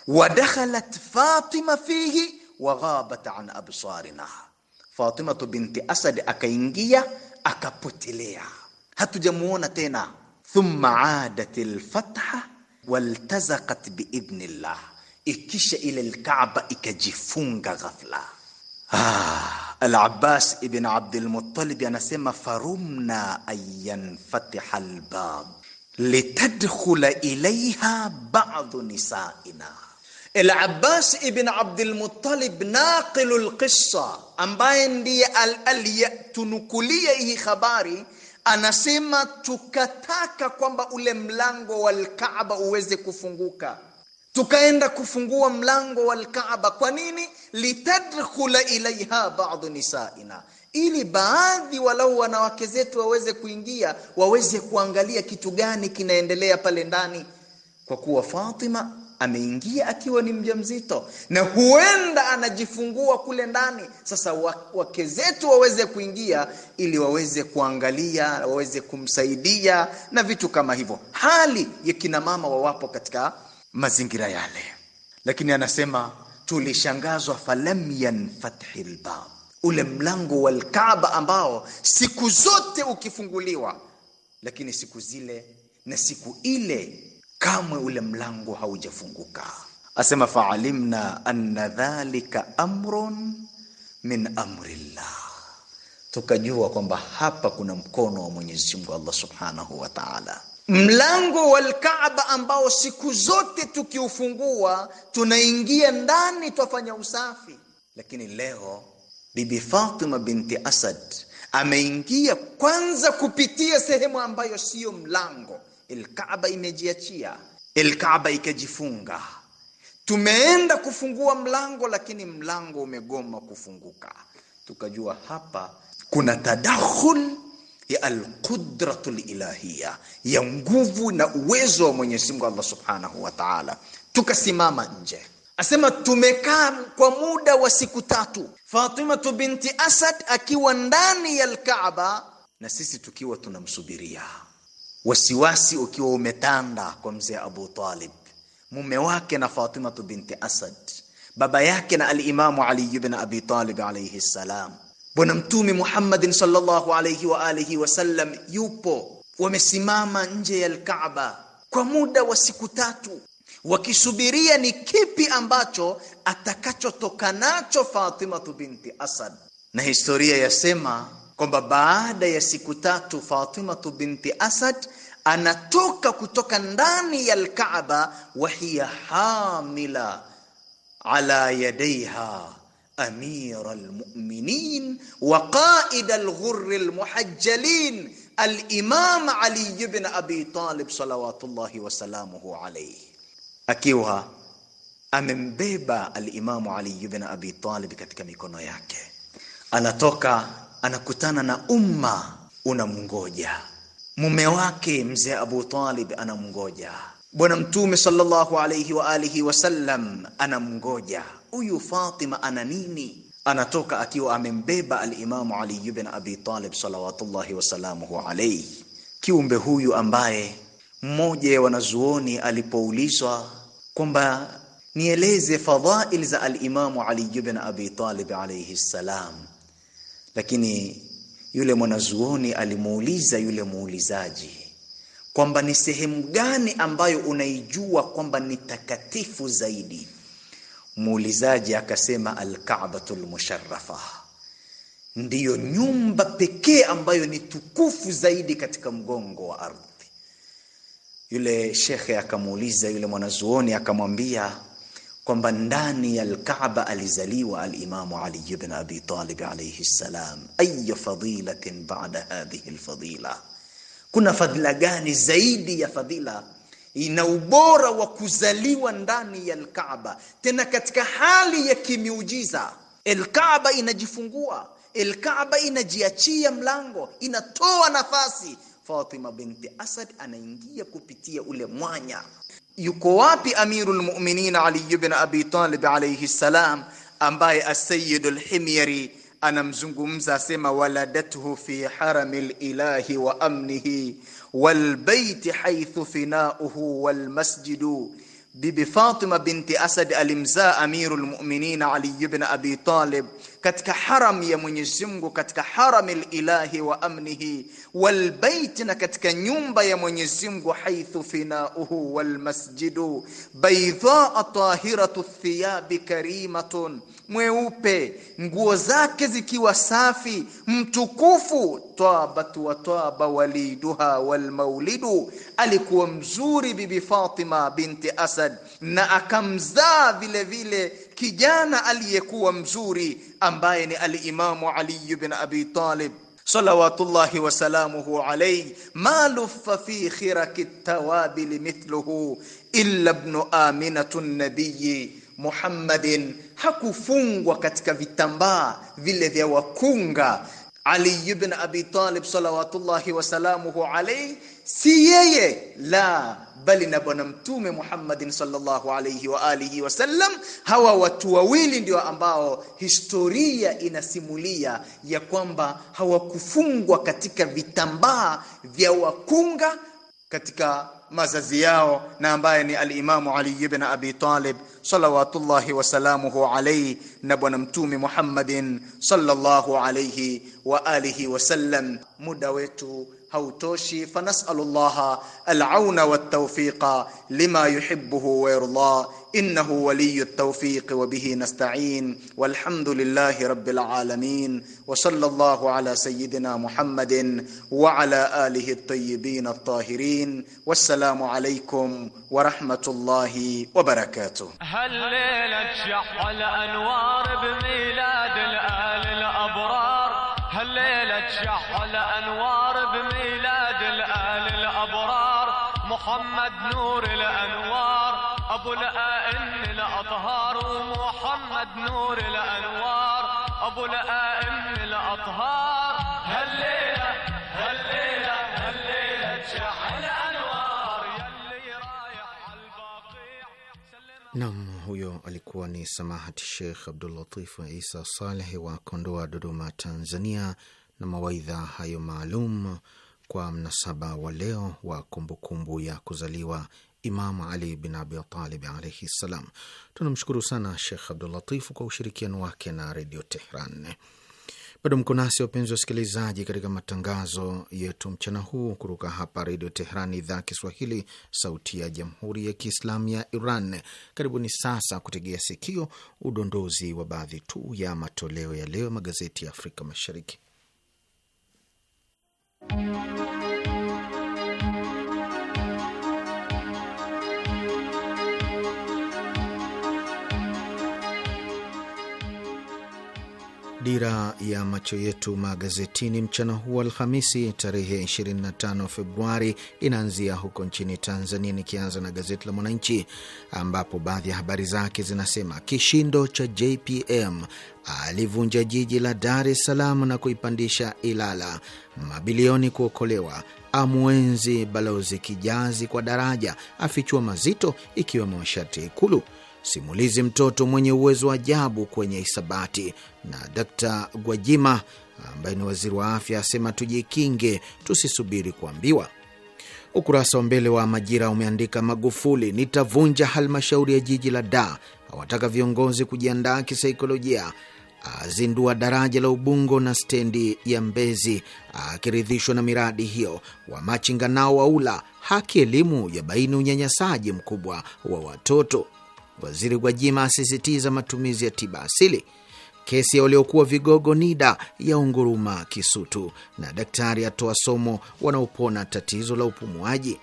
Wadakhalat Fatima fihi waghabat an absarina, Fatimatu binti Asad akaingia akapotelea, hatujamuona tena ثم عادت الفتحة والتزقت بإذن الله إكش إلى الكعبة إكجفونغ غفلة آه العباس ابن عبد المطلب ينسمى فرمنا أن ينفتح الباب لتدخل إليها بعض نسائنا العباس ابن عبد المطلب ناقل القصة أم باين دي الألية إيه خباري anasema tukataka kwamba ule mlango wa Alkaaba uweze kufunguka, tukaenda kufungua mlango wa Alkaaba. Kwa nini? litadkhula ilaiha ba'du nisaina, ili baadhi walau wanawake zetu waweze kuingia, waweze kuangalia kitu gani kinaendelea pale ndani, kwa kuwa Fatima ameingia akiwa ni mjamzito na huenda anajifungua kule ndani. Sasa wake zetu waweze kuingia ili waweze kuangalia, waweze kumsaidia na vitu kama hivyo, hali ya kina mama wawapo katika mazingira yale. Lakini anasema tulishangazwa, falam yanfathi lbab, ule mlango wa Alkaaba ambao siku zote ukifunguliwa, lakini siku zile na siku ile kamwe ule mlango haujafunguka. Asema faalimna anna dhalika amrun min amrillah, tukajua kwamba hapa kuna mkono wa Mwenyezi Mungu Allah subhanahu wa Ta'ala. Mlango wa Alkaaba ambao siku zote tukiufungua tunaingia ndani, twafanya usafi, lakini leo Bibi Fatima binti Asad ameingia kwanza kupitia sehemu ambayo siyo mlango Alkaaba imejiachia, Alkaaba ikajifunga. Tumeenda kufungua mlango, lakini mlango umegoma kufunguka. Tukajua hapa kuna tadakhul ya alqudratu lilahiya, ya nguvu na uwezo wa Mwenyezi Mungu Allah subhanahu wa taala. Tukasimama nje, asema tumekaa kwa muda wa siku tatu, Fatimatu binti Asad akiwa ndani ya Alkaaba na sisi tukiwa tunamsubiria wasiwasi ukiwa umetanda kwa mzee Abu Talib, mume wake na Fatimatu binti Asad, baba yake na alimamu Ali ibn Abi Talib alayhi salam. Bwana Mtume Muhammadin sallallahu alayhi wa alihi sallam yupo, wamesimama nje ya Kaaba kwa muda wa siku tatu, wakisubiria ni kipi ambacho atakachotoka nacho Fatimatu binti Asad, na historia yasema kwamba baada ya siku tatu Fatimatu binti Asad anatoka kutoka ndani ya Alkaaba, wa hiya hamila ala yadaiha amira almuminin wa qaida alghurri almuhajjalin alimam Ali ibn Abi Talib salawatullahi wasalamuhu alayhi, akiwa amembeba alimamu Ali ibn Abi Talib katika mikono yake anatoka anakutana na umma unamngoja, mume wake mzee Abu Talib anamngoja, bwana Mtume sallallahu alayhi wa alihi wasallam anamngoja. Huyu Fatima ana nini? Anatoka akiwa amembeba alimamu Ali ibn Abi Talib salawatullahi wasalamuhu alayhi, kiumbe huyu ambaye mmoja ya wanazuoni alipoulizwa kwamba nieleze fadhail za alimamu Ali ibn Abi Talib alayhi salam lakini yule mwanazuoni alimuuliza yule muulizaji kwamba ni sehemu gani ambayo unaijua kwamba ni takatifu zaidi. Muulizaji akasema alkaabatul musharrafa, ndiyo nyumba pekee ambayo ni tukufu zaidi katika mgongo wa ardhi. Yule shekhe akamuuliza yule mwanazuoni akamwambia kwamba ndani ya Alkaaba alizaliwa alimamu Ali ibn Abi Talib alayhi salam. Ayya fadilatin ba'da hadhihi alfadila, kuna fadhila gani zaidi ya fadhila ina ubora wa kuzaliwa ndani ya Alkaaba, tena katika hali ya kimiujiza. Alkaaba inajifungua, Alkaaba inajiachia mlango, inatoa nafasi. Fatima binti Asad anaingia kupitia ule mwanya yuko wapi amiru lmuminin ali ibn abi talib alaihi ssalam ambaye asayidu lhimyari anamzungumza asema waladathu fi harami lilahi wa amnihi walbaiti haithu finauhu walmasjidu bibi fatima binti asad alimzaa amiru lmuminin ali ibn abi talib katika haram ya Mwenyezi Mungu, katika haramil ilahi wa amnihi wal bait, na katika nyumba ya Mwenyezi Mungu, haithu finauhu wal masjidu baydha atahiratu thiyab karimatun, mweupe nguo zake zikiwa safi, mtukufu. Tabat wa taba waliduha wal maulidu, alikuwa mzuri Bibi Fatima binti Asad na akamzaa vile vile kijana aliyekuwa mzuri ambaye ni alimamu Ali ibn Abi Talib salawatullahi wasalamuhu alayhi, ma luffa fi khiraki tawabili mithluhu illa ibnu aminatu nabiyi Muhammadin, hakufungwa katika vitambaa vile vya wakunga ali ibn Abi Talib salawatullahi wasalamuhu alayhi, si yeye la bali na bwana mtume Muhammadin sallallahu alayhi wa alihi wasallam. Hawa watu wawili ndio ambao historia inasimulia ya kwamba hawakufungwa katika vitambaa vya wakunga katika mazazi yao na ambaye ni alimamu Ali ibn Abi Talib salawatullahi wasalamuhu alayhi na bwana mtume Muhammadin sallallahu alayhi wa alihi wasallam. Muda wetu فنسأل الله العون والتوفيق لما يحبه wayardha إنه ولي التوفيق وبه نستعين والحمد لله رب العالمين وصلى الله على سيدنا محمد وعلى اله الطيبين الطاهرين والسلام عليكم ورحمه الله وبركاته هل ليله شح الأنوار بميلاد الأهل محمد نور الأنوار أبو الآئن الأطهار ومحمد نور الأنوار أبو الآئن الأطهار هالليلة هالليلة هالليلة تشح الأنوار يلي رايح البقيع نعم huyo alikuwa ni samahat Sheikh Abdulatif Isa Saleh wa Kondoa, Dodoma, Tanzania, na mawaidha hayo maalum kwa mnasaba wa leo wa kumbukumbu kumbu ya kuzaliwa Imamu Ali bin Abi Talib alaihi ssalam. Tunamshukuru sana Shekh Abdulatifu kwa ushirikiano wake na Redio Tehran. Bado mko nasi wapenzi wa wasikilizaji, katika matangazo yetu mchana huu kutoka hapa Redio Tehran, idhaa Kiswahili, sauti ya jamhuri ya Kiislamu ya Iran. Karibuni sasa kutegea sikio udondozi wa baadhi tu ya matoleo ya leo magazeti ya Afrika Mashariki. Música dira ya macho yetu magazetini mchana huu Alhamisi tarehe 25 Februari inaanzia huko nchini Tanzania, nikianza na gazeti la Mwananchi ambapo baadhi ya habari zake zinasema kishindo cha JPM alivunja jiji la Dar es Salaam na kuipandisha Ilala, mabilioni kuokolewa, amwenzi balozi Kijazi kwa daraja, afichua mazito ikiwemo masharti ya Ikulu simulizi mtoto mwenye uwezo wa ajabu kwenye hisabati, na Dkt Gwajima ambaye ni waziri wa afya asema tujikinge, tusisubiri kuambiwa. Ukurasa wa mbele wa Majira umeandika Magufuli, nitavunja halmashauri ya jiji la da awataka viongozi kujiandaa kisaikolojia, azindua daraja la Ubungo na stendi ya Mbezi akiridhishwa na miradi hiyo. Wamachinga nao waula haki, elimu ya baini unyanyasaji mkubwa wa watoto. Waziri Gwajima asisitiza matumizi ya tiba asili. Kesi ya waliokuwa vigogo NIDA ya unguruma Kisutu, na daktari atoa somo wanaopona tatizo la upumuaji.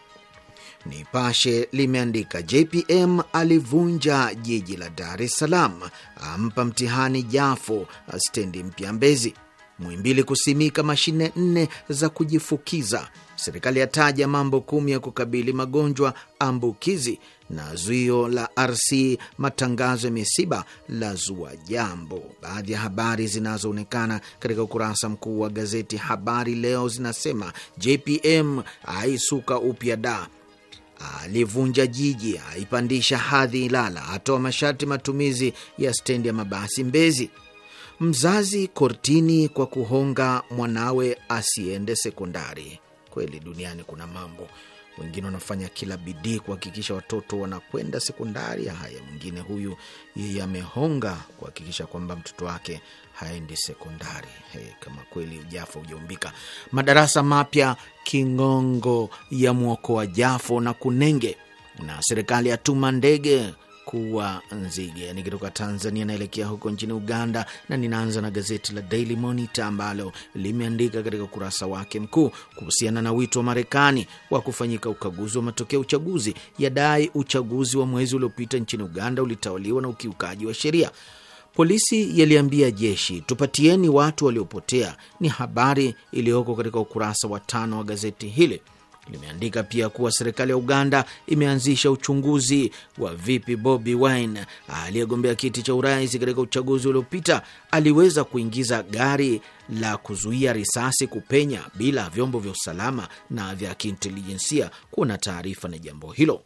Nipashe limeandika JPM alivunja jiji la Dar es Salaam, ampa mtihani Jafo stendi mpya Mbezi. Mwimbili kusimika mashine nne za kujifukiza. Serikali yataja mambo kumi ya kukabili magonjwa ambukizi na zuio la RC matangazo ya misiba la zua jambo. Baadhi ya habari zinazoonekana katika ukurasa mkuu wa gazeti Habari Leo zinasema JPM aisuka upya da alivunja jiji, aipandisha hadhi Ilala, atoa masharti matumizi ya stendi ya mabasi Mbezi. Mzazi kortini kwa kuhonga mwanawe asiende sekondari. Kweli duniani kuna mambo wengine wanafanya kila bidii kuhakikisha watoto wanakwenda sekondari. Haya, mwingine huyu yeye amehonga kuhakikisha kwamba mtoto wake haendi sekondari. Hey, kama kweli Jafo hujaumbika. Madarasa mapya King'ongo ya mwokoa Jafo na Kunenge, na serikali yatuma ndege kuwa nzige. Nikitoka Tanzania naelekea huko nchini Uganda, na ninaanza na gazeti la Daily Monitor ambalo limeandika katika ukurasa wake mkuu kuhusiana na wito wa Marekani wa kufanyika ukaguzi wa matokeo ya uchaguzi, yadai uchaguzi wa mwezi uliopita nchini Uganda ulitawaliwa na ukiukaji wa sheria. Polisi yaliambia jeshi, tupatieni watu waliopotea, ni habari iliyoko katika ukurasa wa tano wa gazeti hili limeandika pia kuwa serikali ya Uganda imeanzisha uchunguzi wa vipi Bobi Wine aliyegombea kiti cha urais katika uchaguzi uliopita aliweza kuingiza gari la kuzuia risasi kupenya bila vyombo vya usalama na vya kiintelijensia kuwa na taarifa na jambo hilo.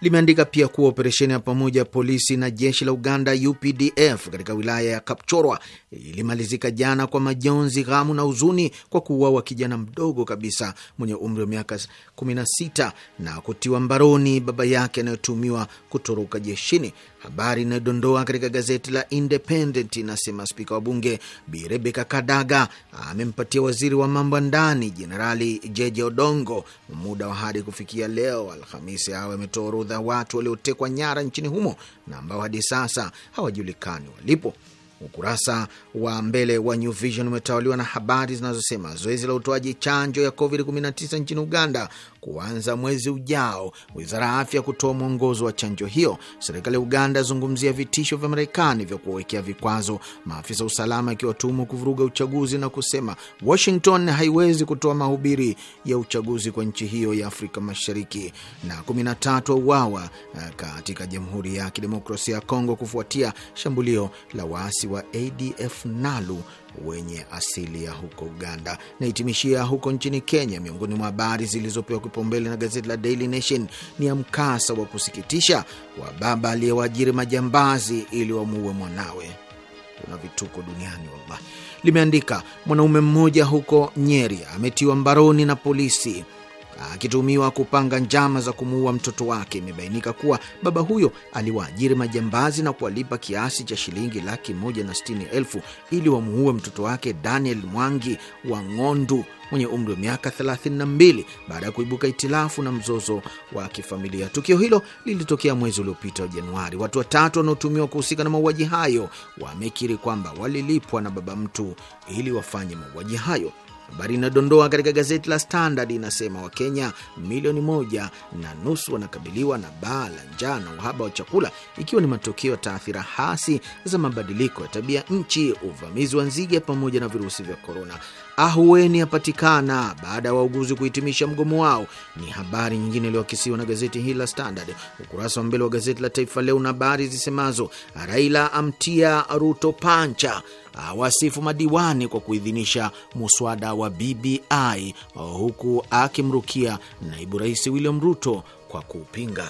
Limeandika pia kuwa operesheni ya pamoja polisi na jeshi la Uganda UPDF katika wilaya ya Kapchorwa ilimalizika jana kwa majonzi, ghamu na huzuni kwa kuuawa kijana mdogo kabisa mwenye umri wa miaka 16 na kutiwa mbaroni baba yake anayotumiwa kutoroka jeshini. Habari inayodondoa katika gazeti la Independent inasema spika wa bunge Bi Kadaga amempatia waziri wa mambo ya ndani Jenerali Jeje Odongo muda wa hadi kufikia leo Alhamisi awe ametoa kutoa orodha ya watu waliotekwa nyara nchini humo na ambao hadi sasa hawajulikani walipo. Ukurasa wa mbele wa New Vision umetawaliwa na habari zinazosema zoezi la utoaji chanjo ya COVID-19 nchini Uganda kuanza mwezi ujao, wizara ya afya kutoa mwongozo wa chanjo hiyo. Serikali ya Uganda yazungumzia vitisho vya Marekani vya kuwawekea vikwazo maafisa usalama, akiwatumwa kuvuruga uchaguzi na kusema Washington haiwezi kutoa mahubiri ya uchaguzi kwa nchi hiyo ya Afrika Mashariki. Na 13 wauawa eh, katika Jamhuri ya Kidemokrasia ya Kongo kufuatia shambulio la waasi wa ADF NALU wenye asili ya huko Uganda. Nahitimishia huko nchini Kenya. Miongoni mwa habari zilizopewa kipaumbele na gazeti la Daily Nation ni ya mkasa wa kusikitisha wa baba aliyewaajiri majambazi ili wamuue mwanawe. Kuna vituko duniani wallahi, limeandika. Mwanaume mmoja huko Nyeri ametiwa mbaroni na polisi akitumiwa kupanga njama za kumuua mtoto wake. Imebainika kuwa baba huyo aliwaajiri majambazi na kuwalipa kiasi cha shilingi laki moja na sitini elfu ili wamuue mtoto wake Daniel Mwangi wa Ng'ondu mwenye umri wa miaka 32 baada ya kuibuka itilafu na mzozo wa kifamilia. Tukio hilo lilitokea mwezi uliopita wa Januari. Watu watatu wanaotumiwa kuhusika na mauaji hayo wamekiri kwamba walilipwa na baba mtu ili wafanye mauaji hayo. Habari inayodondoa katika gazeti la Standard inasema Wakenya milioni moja na nusu wanakabiliwa na baa la njaa na uhaba wa chakula, ikiwa ni matokeo ya taathira hasi za mabadiliko ya tabia nchi, uvamizi wa nzige pamoja na virusi vya korona ahueni apatikana baada ya wauguzi kuhitimisha mgomo wao, ni habari nyingine iliyoakisiwa na gazeti hili la Standard. Ukurasa wa mbele wa gazeti la Taifa Leo na habari zisemazo Raila amtia Ruto pancha, awasifu madiwani kwa kuidhinisha muswada wa BBI, huku akimrukia naibu rais William Ruto kwa kuupinga.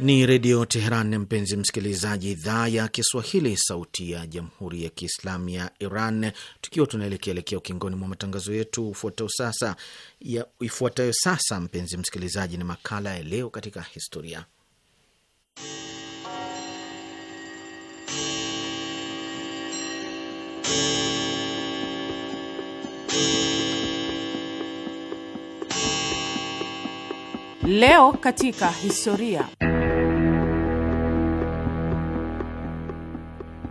Ni Redio Teheran, mpenzi msikilizaji, idhaa ya Kiswahili, sauti ya jamhuri ya kiislamu ya Iran. Tukiwa tunaelekeelekea ukingoni mwa matangazo yetu, ifuatayo sasa ya ifuatayo sasa, mpenzi msikilizaji, ni makala ya leo katika historia. Leo katika historia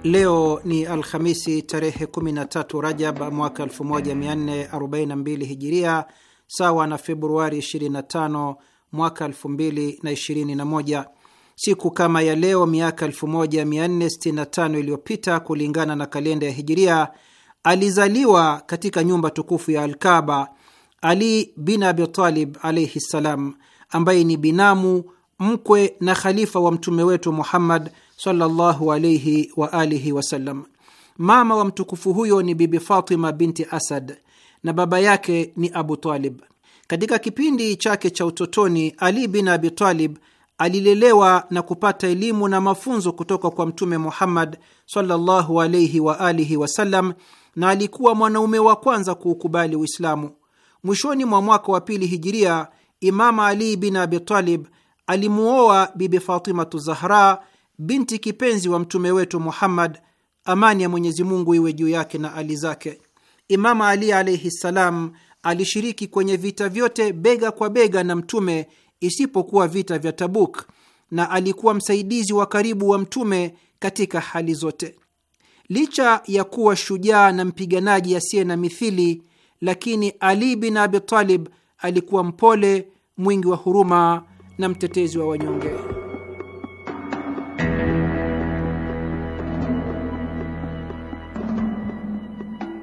Leo ni Alhamisi tarehe 13 Rajab mwaka 1442 Hijiria, sawa na Februari 25 mwaka 2021. Siku kama ya leo miaka 1465 iliyopita kulingana na kalenda ya Hijiria, alizaliwa katika nyumba tukufu ya Alkaba Ali bin Abitalib alaihi ssalam, ambaye ni binamu, mkwe na khalifa wa mtume wetu Muhammad sallallahu wa alihi wasallam. Mama wa mtukufu huyo ni Bibi Fatima binti Asad na baba yake ni Abu Talib. Katika kipindi chake cha utotoni, Ali bin Abi Talib alilelewa na kupata elimu na mafunzo kutoka kwa Mtume Muhammad sallallahu wa alihi wasallam, na alikuwa mwanaume wa kwanza kuukubali Uislamu. Mwishoni mwa mwaka wa pili hijiria, Imama Ali bin Abi Talib alimuoa Bibi Fatimatu Zahra binti kipenzi wa mtume wetu Muhammad, amani ya Mwenyezi Mungu iwe juu yake na ali zake. Imama Ali alaihi ssalam alishiriki kwenye vita vyote bega kwa bega na mtume isipokuwa vita vya Tabuk, na alikuwa msaidizi wa karibu wa mtume katika hali zote. Licha ya kuwa shujaa na mpiganaji asiye na mithili, lakini Ali bin Abi Talib alikuwa mpole, mwingi wa huruma na mtetezi wa wanyonge.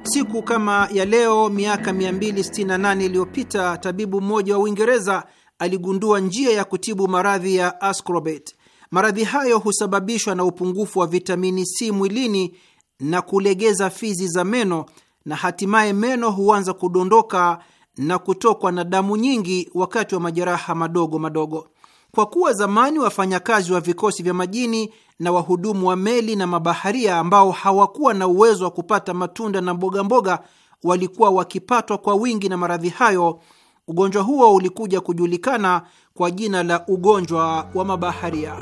Siku kama ya leo miaka 268 iliyopita tabibu mmoja wa Uingereza aligundua njia ya kutibu maradhi ya ascorbate. Maradhi hayo husababishwa na upungufu wa vitamini C mwilini na kulegeza fizi za meno, na hatimaye meno huanza kudondoka na kutokwa na damu nyingi wakati wa majeraha madogo madogo kwa kuwa zamani wafanyakazi wa vikosi vya majini na wahudumu wa meli na mabaharia ambao hawakuwa na uwezo wa kupata matunda na mbogamboga mboga, walikuwa wakipatwa kwa wingi na maradhi hayo. Ugonjwa huo ulikuja kujulikana kwa jina la ugonjwa wa mabaharia.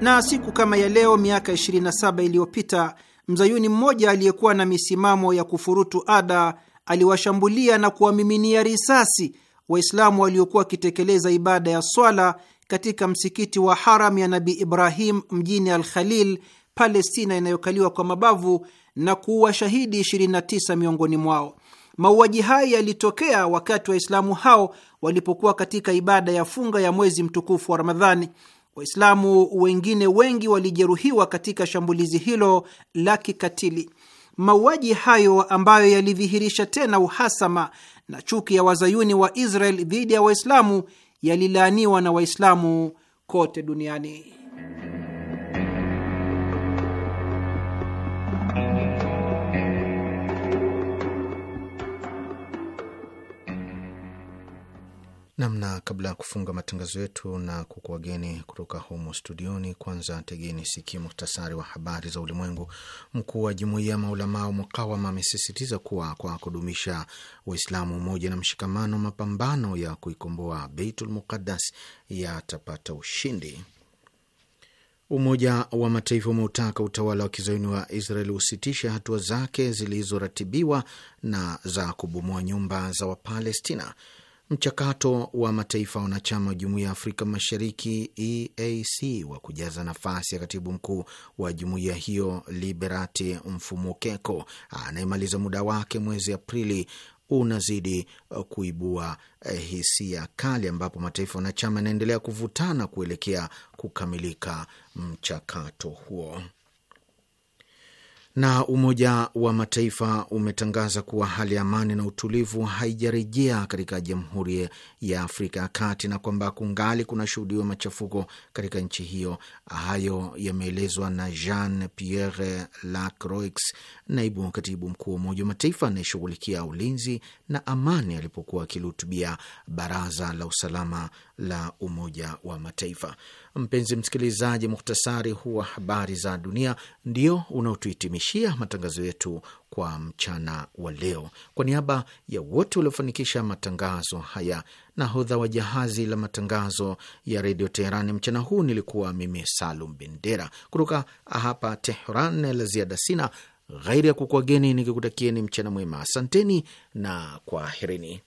Na siku kama ya leo miaka 27 iliyopita, mzayuni mmoja aliyekuwa na misimamo ya kufurutu ada aliwashambulia na kuwamiminia risasi Waislamu waliokuwa wakitekeleza ibada ya swala katika msikiti wa haram ya Nabi Ibrahim mjini Al Khalil, Palestina inayokaliwa kwa mabavu na kuua shahidi 29 miongoni mwao. Mauaji haya yalitokea wakati Waislamu hao walipokuwa katika ibada ya funga ya mwezi mtukufu wa Ramadhani. Waislamu wengine wengi walijeruhiwa katika shambulizi hilo la kikatili. Mauaji hayo ambayo yalidhihirisha tena uhasama na chuki ya wazayuni wa Israel dhidi ya Waislamu yalilaaniwa na Waislamu kote duniani. namna. Kabla ya kufunga matangazo yetu na kukuageni kutoka humo studioni, kwanza tegeni sikia muhtasari wa habari za ulimwengu. Mkuu wa jumuiya ya maulamaa mukawama amesisitiza kuwa kwa kudumisha Uislamu umoja na mshikamano, mapambano ya kuikomboa Beitul Muqaddas yatapata ushindi. Umoja wa Mataifa umeutaka utawala wa kizayuni wa Israel usitishe hatua zake zilizoratibiwa na za kubomoa nyumba za Wapalestina. Mchakato wa mataifa wanachama wa jumuiya ya Afrika Mashariki EAC wa kujaza nafasi ya katibu mkuu wa jumuiya hiyo Liberati Mfumukeko anayemaliza muda wake mwezi Aprili unazidi kuibua eh, hisia kali, ambapo mataifa wanachama yanaendelea kuvutana kuelekea kukamilika mchakato huo. Na Umoja wa Mataifa umetangaza kuwa hali ya amani na utulivu haijarejea katika Jamhuri ya Afrika ya Kati na kwamba kungali kunashuhudiwa machafuko katika nchi hiyo. Hayo yameelezwa na Jean Pierre Lacroix, naibu katibu mkuu wa Umoja wa Mataifa anayeshughulikia ulinzi na amani, alipokuwa akilihutubia Baraza la Usalama la Umoja wa Mataifa. Mpenzi msikilizaji, muhtasari huu wa habari za dunia ndio unaotuhitimishia matangazo yetu kwa mchana wa leo. Kwa niaba ya wote waliofanikisha matangazo haya, nahodha wa jahazi la matangazo ya redio Teheran mchana huu nilikuwa mimi Salum Bendera kutoka hapa Tehran. La ziada sina, ghairi ya kukuageni nikikutakieni mchana mwema. Asanteni na kwaherini.